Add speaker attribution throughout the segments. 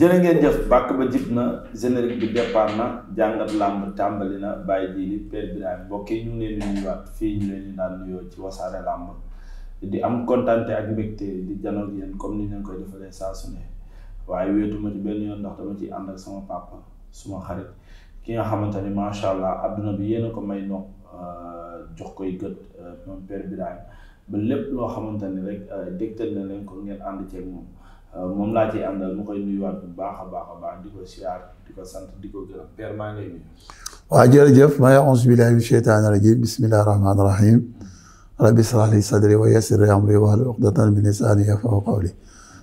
Speaker 1: jërë ngeen jëf bàkk ba jib na générique bi départ na jàngat làmb tàmbali na bàyyi jiili Père Birahim mbokk yi ñu ngi leen di nuyuwaat fii ñu leen di daan nuyoo ci wasaare làmb di am kontante ak mbégte di janoog yéen comme ni ñu leen koy defalee saa su waaye wéetuma ci benn yoon ndax dama ciy ànd ak sama papa suma xarit ki nga xamante ni macha allah adduna bi yéen a ko may no euh, jox koy gët euh, moom Père Birahim ba lépp loo xamante ni rek euh, dégtal na leen ko ngeen ànd Euh, moom laa ciy àndal mu koy nuyuwaat bu baax baax baax di ko siyaar di ko sant di
Speaker 2: jërëjëf maa ngi auzu billaahi mina rajiim bismillaahi rahmaani rahiim rabbi israh li sadri wa yassir li amri wahlul uqdatan min lisaani yafqahu qawli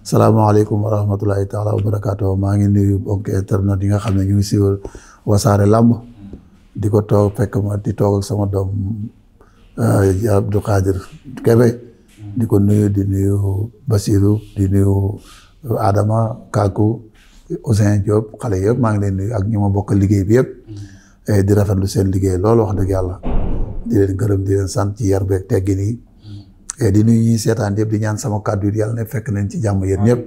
Speaker 2: salaamaaleykum wa rahmatulahi taala wa maa ngi nuyu bokk internet yi xam ne ñu ngi siiwal wasaare làmb di ko toog fekk ma di toog sama doom euh, Abdou Khadir Kébé di ko nuyu di nuyu Basirou di nuyu Adama Kaaku Ousin Diop xale yëpp maa ngi leen nuyu ak ñu ma bokk liggéey bi yëpp. Eh, di rafet lu seen liggéey loolu wax dëgg yàlla. di leen gërëm di leen sant ci yar beeg teggin yi. Eh, di nuyu ñuy seetaan yëpp di ñaan sama kàddu yi yàlla ne fekk leen ci jàmm yéen ñëpp.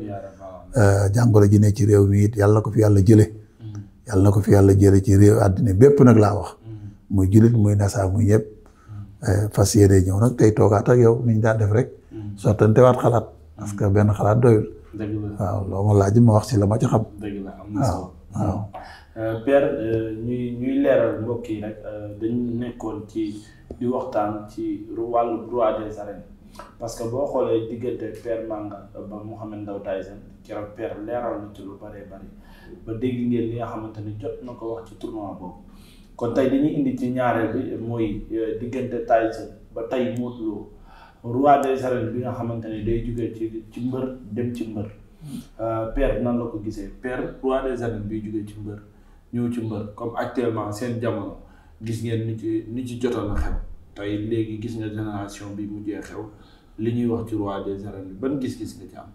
Speaker 2: Eh, jàngoro ji ne ci réew mi it yàlla na ko fi yàlla jële yàlla na ko fi yàlla jële ci réew àddina bépp nag laa wax. muy jullit muy nasaa muy ñëpp. fas yéene ñëw nag tey toogaat ak yow ni ñu daan def rek. Mm. xalaat benn xalaat waaw loo ma laaj ma wax ci la ma ci xam. dëgg la am na solo
Speaker 1: waaw euh, Père euh, ñuy ñuy leeral mbokk yi rek euh, dañu nekkoon ci di waxtaan ci wàllu roi des arènes parce que boo xoolee diggante Père Manga ba Mouhamed Ndao Tyson keroog Père leeral na ci lu bëree bëri ba dégg ngeen li nga xamante ni jot na ko wax ci tournoi boobu kon tey dañuy indi ci ñaareel bi mooy diggante Tyson ba tey Modou Lo roi des arènes bi nga xamante ne day jugee ci ci mbër dem ci mbër euh, père nan la ko gisee père roi des arènes biy jugee ci mbër ñëw ci mbër comme actuellement seen jamono gis ngeen ni ci ni ci xew tey léegi gis nga génération bi mujjee xew li ñuy wax ci roi des arènes bi ban gis-gis nga ci am.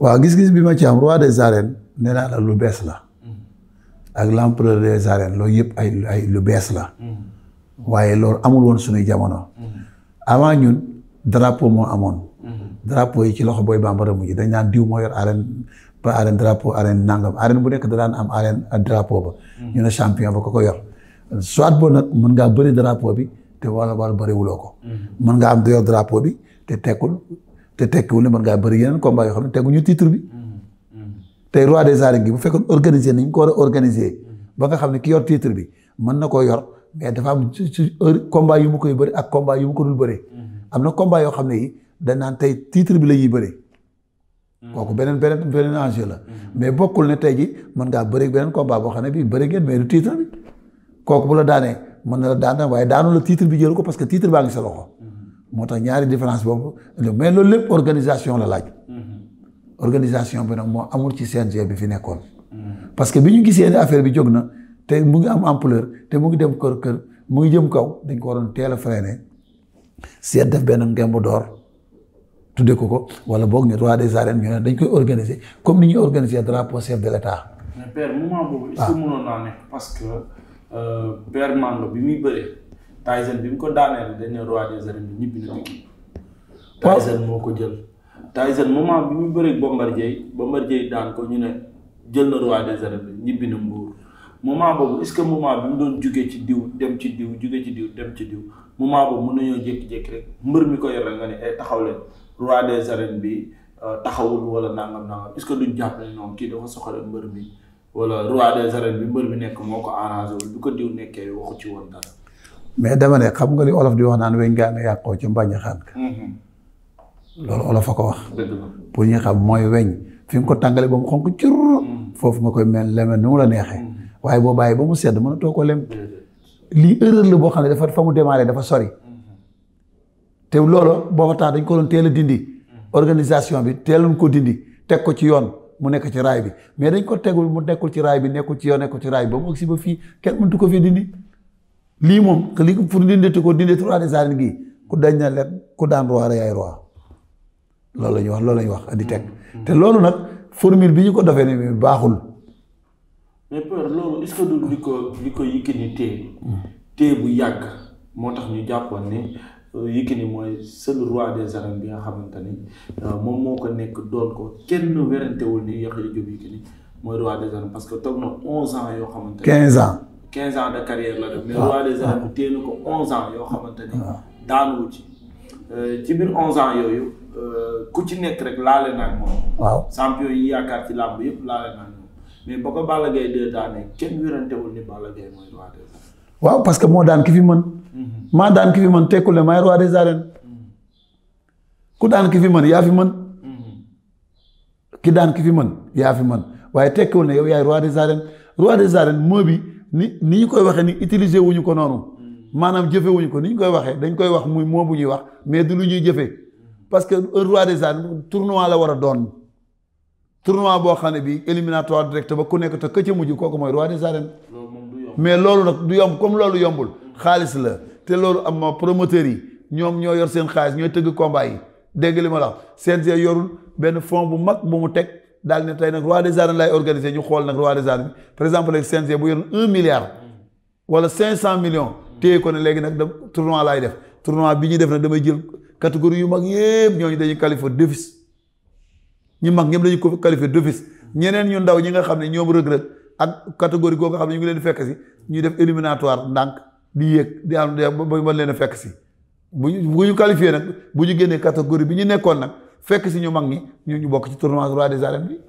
Speaker 2: waaw gis-gis bi ma ci am roi des arènes nee naa la lu bees la. Mm-hmm. ak l'empereur des arènes loolu yëpp ay lu bees la. Mm-hmm. waaye loolu amul woon suñuy jamono. Mm-hmm. avant ñun. drapeau moo amoon. Mhm. drapeau yi ci loxo booy bambara mujj dañ naan diw moo yor arène ba arène drapeau arène nangam arène bu nekk da am arène drapeau ba. Mhm. ñu ne champion ba ko ko yor. soit boo nag mën ngaa bëri drapeau bi te wala wala bëriwuloo ko. Mhm. mën ngaa am yor drapeau bi te tekkul te tekk ne mën ngaa bëri yeneen combat yoo xam ne teguñu titre bi. tey roi des gi bu fekkoon organiser nañ ko war a organiser. ba nga xam ne ki yor titre bi mën na koo yor mais dafa am ci ci yu mu koy bëri ak combat ko dul bëree. am na combat yoo xam ne yi dañ naan tey titre bi la ñuy bëri. Hmm. kooku beneen beneen beneen la. Hmm. mais bokkul ne tey ji mën ngaa bëri beneen combat boo xam ne bii bëri ngeen mais du titre bi. kooku bu la daanee mën na la daan waaye daanu la titre bi jël ko parce que titre baa ngi sa loxo. Hmm. moo tax ñaari différence boobu mais loolu lépp organisation la laaj. organisation bi nag moo amul ci CNG bi fi nekkoon. parce que bi ñu gisee ne affaire bi jóg na te mu ngi am ampleur te mu ngi dem kër kër mu ngi jëm kaw dañ ko teel a freiné seet def benn ngemb d'or tuddee ko ko wala boog ñu roi des arènes ñu ne dañ koy organiser comme ni ñuy organiser drapeau chef de l' état.
Speaker 1: mais père moment boobu. est-ce ah. naa nekk parce que euh, père bi muy bëree Tyson bi mu ko daaneel dañ ne roi des arènes bi ñibbi na Pikine. waaw Tyson moo ko jël. ne jël na roi moment boobu est-ce que moment bi mu doon jugee ci diw dem ci diw jugee ci diw dem ci diw moment boobu mën nañoo jékki-jékki rek mbër mi ko yore nga ne ay eh, taxaw leen roi des arènes bi euh, taxawul wala nangam nangam est-ce que duñ jàpp ne noonu kii dafa soxla mbër mi wala roi des arènes bi mbër mi nekk moo ko arrangé wul bu ko diw nekkee waxu ci woon
Speaker 2: mais dama ne xam nga li olof di wax naan weñ gaa nga yàqoo ci mbañ xaan mm-hmm. loolu olof a ko wax. pour ñu xam mooy weñ fi ko tàngalee ba xonk mm-hmm. foofu nga koy mel leme nu mu la neexee. waaye boo bàyyi ba mu sedd mën a too ko lem lii erreur la boo xam ne dafa fa mu démarré dafa sori mm-hmm. te loolo booba tax dañ ko doon teel a dindi mm-hmm. organisation bi teeloon ko dindi teg ko ci yoon mu nekk ci raay bi mais dañ ko tegul mu nekkul ci raay bi nekkul ci yoon nekkul ci raay bi ba mu agsi ba fii kenn mëntu ko fii dindi lii moom li pour dinditi ko dinditi roi des arènes ku dañ na let ku daan roi rek ay loolu la ñuy wax loolu la ñuy wax di teg mm-hmm. te loolu nag formule bi ñu ko defee ne baaxul
Speaker 1: mais père loolu est-ce que du li ko li ko Yékini téye téye bu yàgg moo tax ñu jàppoon ni euh, Yékini mooy seul roi des arènes bi nga xamante ni euh, moom moo ko nekk dool ko kenn werantewul ni Yaxya Jóob Yékini mooy roi des arènes parce que toog na onze ans yoo xamante ni quinze ans quinze ans de la dem mais ah. roi des ah. arènes bu téye na ko onze ans yoo xamante ni ah. daanuwu ci euh, ci biir onze ans yooyu ku ci nekk rek laale naag moom waaw champion yi yaakaar ci làmb yëpp laale mais ba ko Balla Gaye 2 daanee kenn wérantewul ni Balla Gaye
Speaker 2: waaw parce que moo daan ki fi mën. Mhm. maa daan ki fi mën tekkul ne maay roi des arènes. ku daan ki fi mën yaa fi mën. Mhm. ki daan ki mën yaa fi mën waaye tekkiwul ne yow yaay roi de arènes roi des arènes moo bi ni ni ñu koy waxee ni utiliser wuñu ko noonu. Mhm. maanaam jëfe ko ni ñu koy waxee dañ koy wax muy moo bu ñuy wax mais du lu ñuy jëfe parce que un roi des arènes tournoi la war a doon. tournoi boo xam ne bi éliminatoire direct ba ku nekk te ka ca mujj kooku mooy roi des arènes. mais loolu nag du yomb comme loolu yombul xaalis la te loolu am promoteurs yi ñoom ñoo yor seen xaalis ñooy tëgg combat yi dégg li ma la wax CNG yorul benn fond bu mag bu mu teg daal ne tey nag roi des arènes lay organiser ñu xool nag roi des arènes par exemple léegi CNG bu yoroon un milliard wala cinq cent million téye ko ne léegi nag da tournoi laay def tournoi bi ñuy def nag damay jël catégorie yu mag yëpp ñooñu dañuy qualifier d'office ñu mag ñëpp la ñu ko qualifié d'office ñeneen ñu ndaw ñi nga xam ne ñoom rëg-rëg ak catégorie ñu ngi leen fekk ñuy def éliminatoire ndànk di di am ba leen a fekk si bu ñu bu ñu nag bu ñu génnee catégorie bi ñu nekkoon nag fekk si ñu mag ñi ñu ñu bokk ci tournoi roi des arènes bi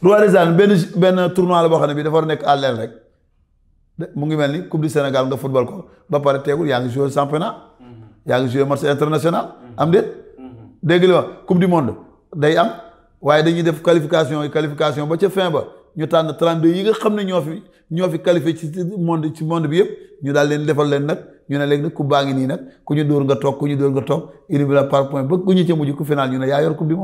Speaker 2: roi des benn benn la boo xam ne bi dafa nekk à l'aile rek mu ngi mel ni coupe du Sénégal nga football ko ba pare teegul yaa ngi joué championnat mm-hmm. yaa ngi joué match international mm-hmm. am déet mm-hmm. dégg li wax coupe du monde day am waaye dañuy def qualification yi qualification ba ca fin ba ñu tànn 32 yi nga xam ne ñoo fi ñoo fi qualifié ci monde ci monde bi yëpp ñu daal leen defal leen nag ñu ne léegi nag ku baa ngi nii nag ku ñu dóor nga toog ku ñu dóor nga toog éliminé par point ba ku ñu ca mujj ku final ñu ne yaa yor coupe du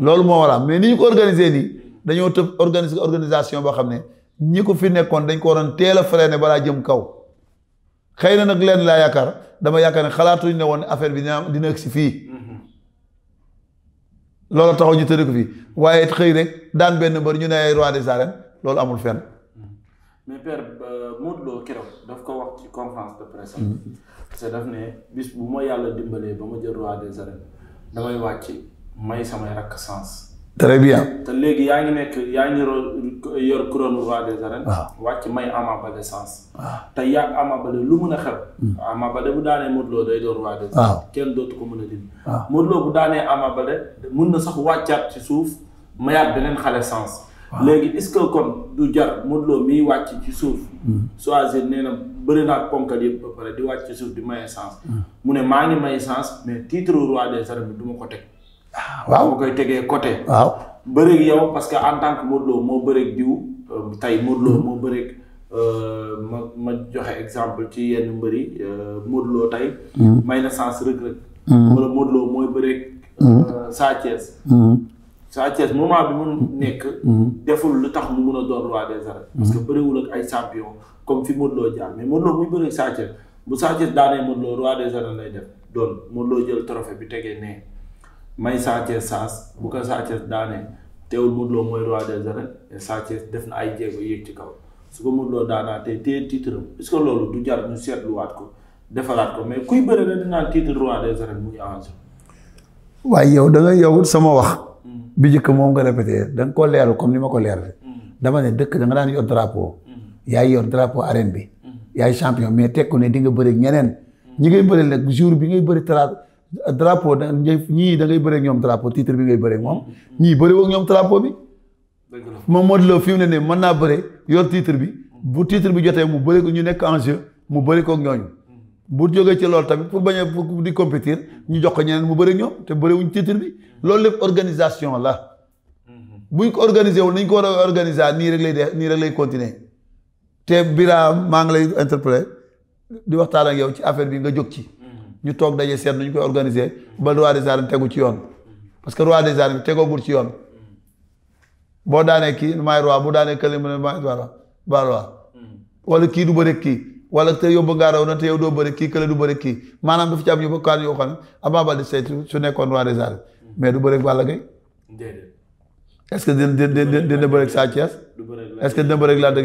Speaker 2: loolu moo war a mais ni ñu ko organisé nii dañoo tëb organiser organisation boo xam ne ñi ko fi nekkoon dañ ko waroon teel a freiné balaa jëm kaw xëy na nag leen laa yaakaar dama yaakaar ne xalaatuñ ne woon affaire bi dina dina egg si fii loola taxaw ñu tëdd ko fii waaye it xëy rek daan benn mbër ñu ne ay roi des arènes loolu amul fen
Speaker 1: mais père euh, Modou Lo keroog daf ko wax ci conférence de presse. Mm-hmm. parce que daf ne bis bu ma yàlla dimbalee ba ma jël roi des arènes damay wàcc may samay rakk sens. très bien. te léegi yaa ngi nekk yaa ngi yor couronne roi des arènes. waaw ah. wàcc may Ama Baldé sens. waaw ah. te yàgg Ama Baldé lu mun a xew. Hmm. Ama Baldé bu daanee Modou Lo day doon roi des arènes. Ah. kenn dootu ko mën a dindi. waaw Modou Lo bu daanee Ama mun na sax wàccaat ci suuf mayaat beneen xale sens. léegi est-ce que kon du jar Modou Lo miy wàcc ci suuf. Hmm. choisir nee na bëri naa ponkal yëpp ba pare di wàcc ci suuf di maye sens. Hmm. mu ne maa ngi maye sens mais titre roi des arènes bi du ma ko teg. waaw mu koy tegee côté. waaw bëreeg yow parce que en tant que Modou moo bëreek diw euh, tey Modou hmm. moo bëreeg euh, ma ma joxe exemple ci yenn mbër yi euh, Modou tey. Hmm. may na sens Reug Reug. Hmm. wala mooy bëreeg. Sa Thiès. Sa Thiès moment bi mu nekk. deful lu tax mu mun a doon roi des arènes. parce que bëriwul ak ay champion comme fi Modou Lo jaar mais Modou Lo muy bëreeg Sa bu Sa Thiès daanee Modou Lo roi des arènes lay def doon Modou jël trophée bi tegee nee. may Sa Thiès saas bu ko Sa Thiès daanee teewul Modou Lo mooy roi des arènes et Sa Thiès def na ay jéego yéeg ci kaw su ko Modou Lo daanaa te téye titre am est loolu du jar ñu seetluwaat ko defalaat ko mais kuy bëri na dinaan titre roi mu ñu avancé.
Speaker 2: waaye yow da nga yow sama wax. Hmm. bi njëkk moom da nga koo leeral ni ma ko leeralee. Hmm. dama ne dëkk da nga daan yor drapeau. Hmm. yaay yor drapeau arène bi. yaay champion mais teg ko ne di nga bëri ñeneen. ngay bëri nag jour bi ngay bëri talaata drapeau da ñii da ngay bëreek ñoom drapeau titre bi ngay bëreek moom ñii bëri woog ñoom drapeau bi moom Modou Lo fi mu ne nii mën naa bëre yor titre bi bu titre bi jotee mu bëri ko ñu nekk en mu bëri koog ñooñ bu jógee ci loolu tamit pour bañ a pour di compétir ñu jox ko ñeneen mu bëri ñoom te bëri wuñ titre bi loolu lépp organisation la buñ ko organisé wul nañ ko war a organiser nii rek lay def nii rek lay continuer te Birame maa ngi lay interpeller di waxtaan ak yow ci affaire bi nga jóg ci ñu toog daje seet nu ñu koy organiser ba roi des arènes tegu ci yoon parce que roi des arènes tegoogul ci yoon boo daanee kii maay roi bu daanee kële mu ne maay roi ba roi wala kii du bëre kii wala te yow bëgg ngaa raw na te yow doo bëre kii kële du bëre kii maanaam dafa ci am yu xam ne Ama Baldé saytu su nekkoon roi des arènes mais du bëre Balla Gaye est ce que dina dina dina bëre Sa Thiès est ce que dina bëre Lac de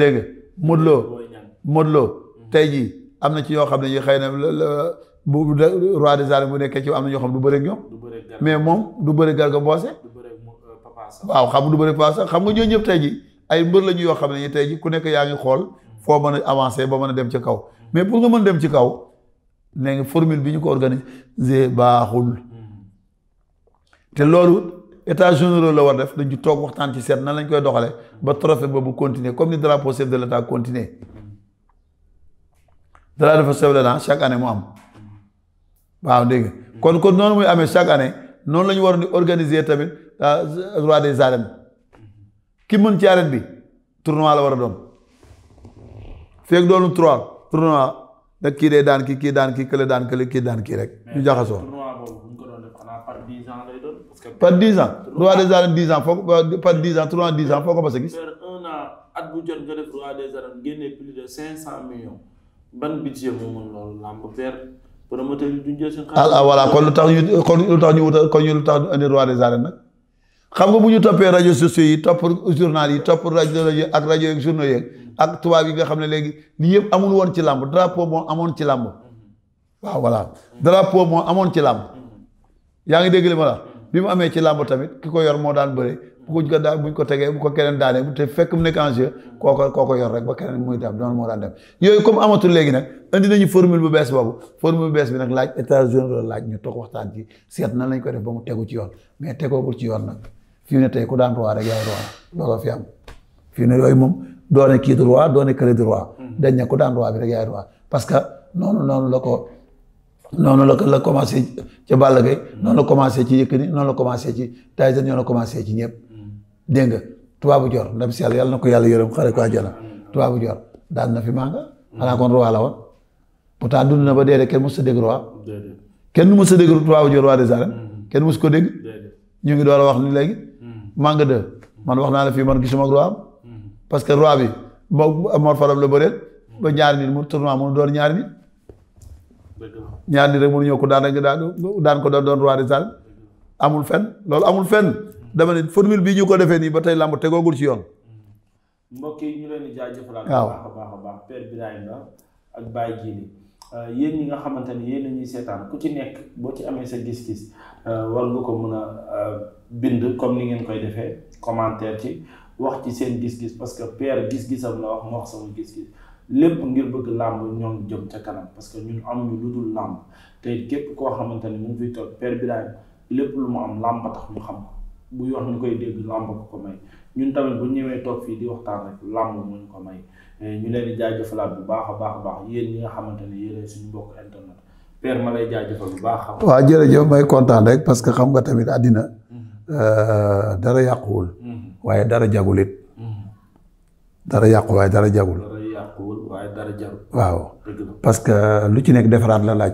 Speaker 2: dégg nga Modou mm-hmm. tey jii am na ci yoo xam ne xëy na bu roi des arènes bu nekkee ci am na ñoo xam du bëre ak ñoom. mais moom du bëre Garga Mbossé. Euh, waaw xam du bëre Papa Sow xam nga ñoo ñëpp tey ji ay mbër la yoo xam ne tey ji ku nekk yaa ngi xool foo mën a avancer ba mën a dem ci kaw mais pour nga mën dem ci kaw nee ngi formule bi ñu ko organiser baaxul. Mm. te loolu état généraux la war def dañ ci toog waxtaan ci seet nan lañ koy doxalee ba trophée boobu continuer comme ni drapeau chef de l' dara dafa sewle naa chaque année mu am waaw dégg kon kon noonu muy amee chaque année noonu la ñu waroon di organiser tamit euh, roi des arènes ki mën ci arène bi tournoi la war a doon feeg doonu trois tournoi nag kii dee daan kii kii daan kii kële daan kële kii daan kii rek ñu jaxasoo
Speaker 1: par dix ans roi des
Speaker 2: arènes dix ans foo ko euh, par dix ans tournoi dix ans foo ko a gis.
Speaker 1: un ban budget moo mën loolu làmb beer promoteur yi duñ ah, ah voilà kon lu
Speaker 2: tax ñu kon lu tax ñu wutal kon ñu lu tax indi roi des arènes nag xam nga bu ñu toppee rajo sociaux yi topp journal yi topp rajo rajo ak rajo yeeg journaux yeeg ak tubaab yi nga xam ne léegi lii yëpp amul woon ci làmb drapeau moo amoon ci làmb waaw voilà drapeau moo amoon ci làmb mm-hmm. yaa ngi dégg li ma la bi mu amee ci làmb tamit ki ko yor moo daan bëre. bu ko ko daal buñ ko tegee bu te fekk mu nekk en jeu koo rek ba keneen muy dab noonu moo daan dem yooyu comme amatul léegi nag indi nañu formule bu bees boobu formule bu bees bi nag laaj états généraux laaj ñu toog waxtaan ci seet nan lañ ko def ba mu tegu ci yoon mais tegoogul ci hmm. noonu la ko noonu la la commencé ca Balla Gaye hmm. noonu la commencé ci Yékini noonu la commencé ci Tyson ñoo la commencé ci ñëpp dégg nga tubaabu jor ndam si yàlla yàlla na ko yàlla yërëm xare ko àjjana tubaabu jor daan na fi mànga xanaa kon roi la woon pourtant dund na ba dee kenn mos sa dégg roi kenn mos sa dégg tubaabu jor roi des arènes mm-hmm. kenn mos ko dégg ñu ngi door a wax ni léegi mànga mm-hmm. de man wax naa la fii man gisuma roi am mm-hmm. parce que roi bi moo Mor Fadam la bëreel ba ñaari nit mu tournoi mu doon ñaari nit ñaari nit rek mënu ñëw ko daan rek daan ko doon doon roi des arènes amul fenn loolu amul fenn dama ne formule bii ñu ko defee nii ba tey làmb tegoogul ci yoon.
Speaker 1: mbokk yi ñu leen di jaajëfalaat. waaw baax a baax a baax Père Birahim la ak Baye Djili euh, yéen yi nga xamante ni yi ñuy seetaan ku ci nekk boo ci amee sa gis-gis euh, war nga ko mën a euh, bind comme ni ngeen koy defee commentaire ci wax ci seen gis-gis parce que per gis-gisam la wax ma wax sama gis-gis. lépp ngir bëgg làmb ñoom jëm ca kanam parce que ñun amuñu lu dul làmb te képp koo xamante ni mu ngi fi lépp lu mu am làmb ñu xam buy ñu koy bu ñu ko may eh, ñu leen baax baax ñi nga xamante ne yéen suñu mbokk baax. waaw jërëjëf may
Speaker 2: kontaan rek parce que xam nga tamit àddina mm-hmm. euh, dara yàquwul. Mm-hmm. waaye dara jagul it. Mm-hmm. dara yàqu waaye dara jagul. waaw parce que lu ci nekk defaraat la laaj.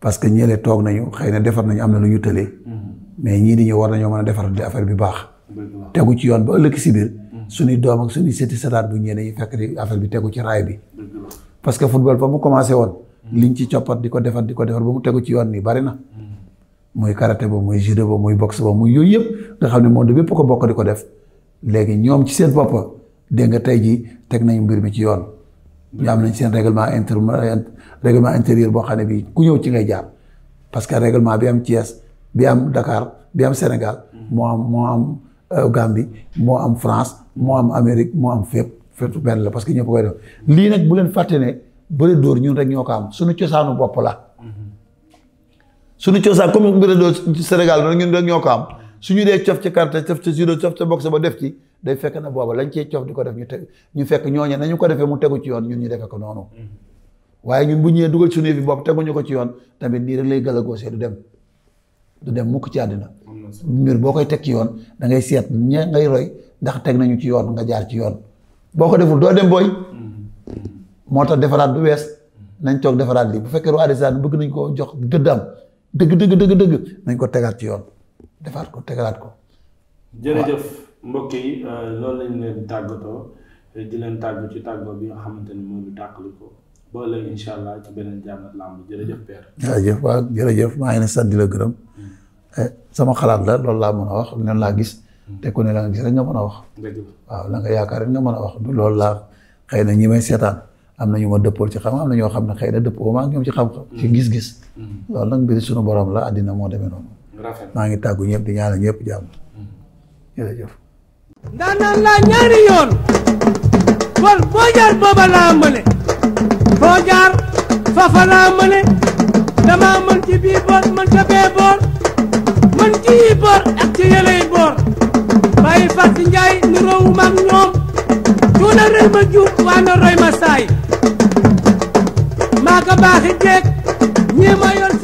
Speaker 2: parce que ñële toog nañu xëy na defar nañu am na lu ñu tëlee. mais ñii di ñëw war nañoo mën a defar di affaire bi baax tegu ci yoon ba ëllëg si biir suñuy doom ak suñuy sëti sataat bu ñëwee dañuy fekk di affaire bi tegu ci raay bi parce que football fa mu commencé woon liñ ci coppat di ko defar di ko defar ba mu tegu ci yoon nii bari na muy karaté ba muy judo ba muy boxe ba mu yooyu yëpp nga xam ne monde bépp ko bokk di ko def léegi ñoom ci seen bopp dégg nga tey jii teg nañu mbir mi ci yoon ñu am nañ seen règlement inter règlement intérieur boo xam ne bii ku ñëw ci ngay jaar parce que règlement bi am Thiès bi am Dakar bi am Sénégal moo am moo am euh, Gambie moo am France moo am Amérique moo am fépp fépp benn la parce que ñëpp koy def lii nag bu leen fàtte ne bëre dóor ñun rek ñoo ko am suñu cosaanu bopp la suñu cosaan comme bëre dóor Sénégal rek ñun rek ñoo ko am suñu dee cof ci karte cof ci judo cof ci boxe def ci day fekk na booba lañ cee cof di ko def ñu teg ñu fekk ñooñe nañu ko defee mu tegu ci yoon ñun ñu defee ko noonu mm-hmm. waaye ñun bu ñëwee dugal suñu yëfi bopp teguñu ko ci yoon tamit nii rek lay gàllagoo du dem du dem mukk ci àddina mbir boo koy teg ci yoon da ngay seet ña ngay roy ndax teg nañu ci yoon nga jaar ci yoon boo ko deful doo dem booy mm-hmm. moo tax defaraat du wees mm-hmm. nañ toog defaraat lii bu fekkee ru àddisaan bëgg nañ koo jox gëddaam dëgg dëgg dëgg dëgg nañ ko tegaat ci yoon defaat ko tegalaat ko jërëjëf
Speaker 1: mbokk yi euh, loolu lañ leen tàggatoo di leen tàggu ci tàggoo bi nga xamante ni moom du tàqali ko ba léegi incha allah ci beneen jàngat làmb jërëjëf Père.
Speaker 2: jërëjëf maa ngi leen sant di la gërëm. Hmm. Eh, sama xalaat la loolu laa mën a wax noonu laa gis. Hmm. te ku ne la nga gis rek nga mën a wax. waaw la nga yaakaar rek nga mën a wax du loolu laa xëy na ñi may seetaan am na ñu ma dëppool ci xam am na ñoo xam ne xëy na dëppoo maa ngi ñoom ci xam-xam. ci hmm. gis-gis. loolu nag mbiri suñu borom la àddina moo demee noonu. maa ngi tàggu ñëpp di ñaanal ñëpp jàmm. jërëjëf.
Speaker 1: ndaanaan laa ñaari yoon. bor boo jaar booba laa mëne foo jaar fafa laa mëne dama mën ci bii boor mën ca mën ci yi boor ak ci yëley nu roowu maag ñoom cuuna rëy ma waa na roy ma maa ko baaxi ñii ma